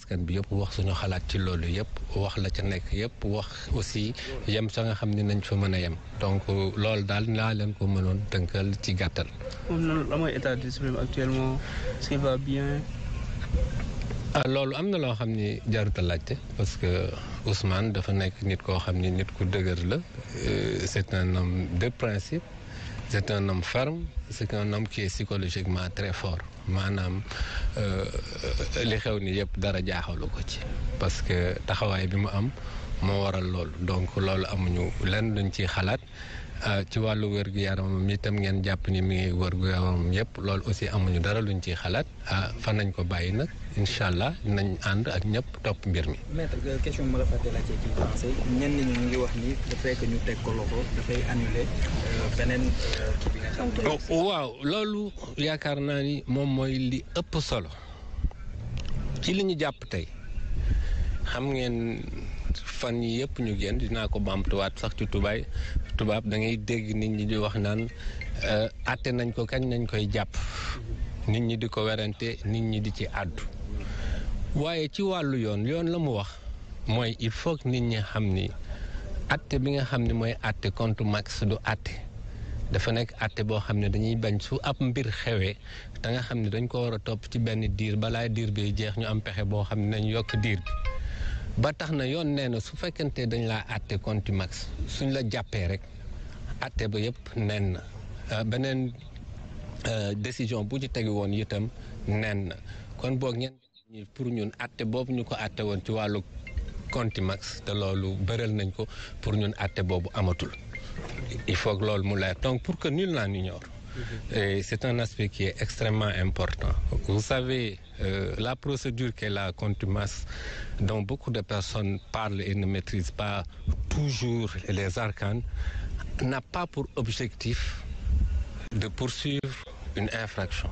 askan bi yëpp wax suñu xalaat ci loolu yëpp wax la ca nekk yëpp wax aussi yem sa nga xam ne nañ fa mën a yem donc loolu daal laa leen ko mënoon tënkal ci gàttal. la mooy état du Suprême ah, loolu am na loo xam ni jaruta laajte parce que Ousmane dafa nekk nit koo xam ni nit ku dëgër la euh, c'est un homme de principe c'est un homme ferme. c'est un homme qui est psychologiquement très fort maanaam euh, li xew ni yëpp dara jaaxalu ko ci parce que taxawaay bi mu am moo waral loolu donc loolu amuñu lenn luñ ciy xalaat euh, ci wàllu wér-gu-yaramam itam ngeen jàpp ni mi ngi wér-gu-yaramam yëpp loolu aussi amuñu dara luñ ciy xalaat ah fan nañ ko bàyyi nag incha allah nañ ànd ak ñëpp topp mbir mi. Euh, ko waaw loolu yaakaar naa ni moom mooy li ëpp solo ci li ñu jàpp tey xam ngeen fan yi yëpp ñu génn dinaa ko bamtuwaat sax ci tubaay tubaab da ngay dégg nit ñi di wax naan eh, àtte nañ ko kañ nañ koy jàpp nit ñi di ko werante nit ñi di ci àddu waaye ci wàllu yoon yoon la mu wax mooy il faut nit ñi xam ni àtte bi nga xam ni mooy àtte contre Max du àtte dafa nekk àtte boo xam ne dañuy bañ su ab mbir xewee da nga xam ne dañ ko war a topp ci benn diir balaa diir bi jeex ñu am pexe boo xam ne nañ yokk diir bi ba tax na yoon nee na su fekkente dañ laa àtte contumax suñ la jàppee rek àtte ba yëpp nen na euh, beneen euh, décision bu ñu tegi woon itam nen na kon boo ñen pour ñun àtte boobu ñu ko àtte woon ci wàllu contumax te loolu bëral nañ ko pour ñun àtte boobu amatul il faut que loolu mu leer donc pour que nul n'en ignore mhm. et c'est un aspect qui est extrêmement important vous savez euh, la procédure qu'est la contumace dont beaucoup de personnes parlent et ne maîtrisent pas toujours les arcanes n'a pas pour objectif de poursuivre une infraction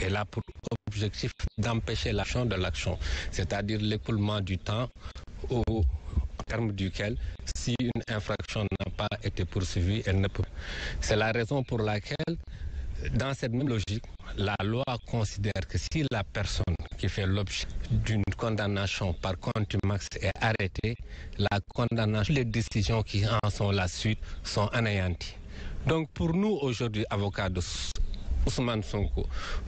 elle la pour objectif d'empêcher l'action de l'action c'est-à-dire l'écoulement du temps au terme duquel, si une infraction n'a pas été poursuivie, elle ne peut. C'est la raison pour laquelle, dans cette même logique, la loi considère que si la personne qui fait l'objet d'une condamnation par contumax est arrêtée, la condamnation, les décisions qui en sont la suite sont anéanties. Donc pour nous aujourd'hui, avocats de Ousmane Sonko.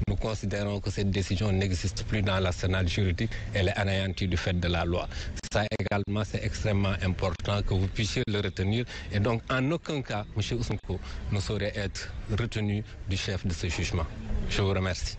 Nous considérons que cette décision n'existe plus dans l'arsenal juridique. Elle est anéantie du fait de la loi. Ça également, c'est extrêmement important que vous puissiez le retenir. Et donc, en aucun cas, M. Ousmane ne saurait être retenu du chef de ce jugement. Je vous remercie.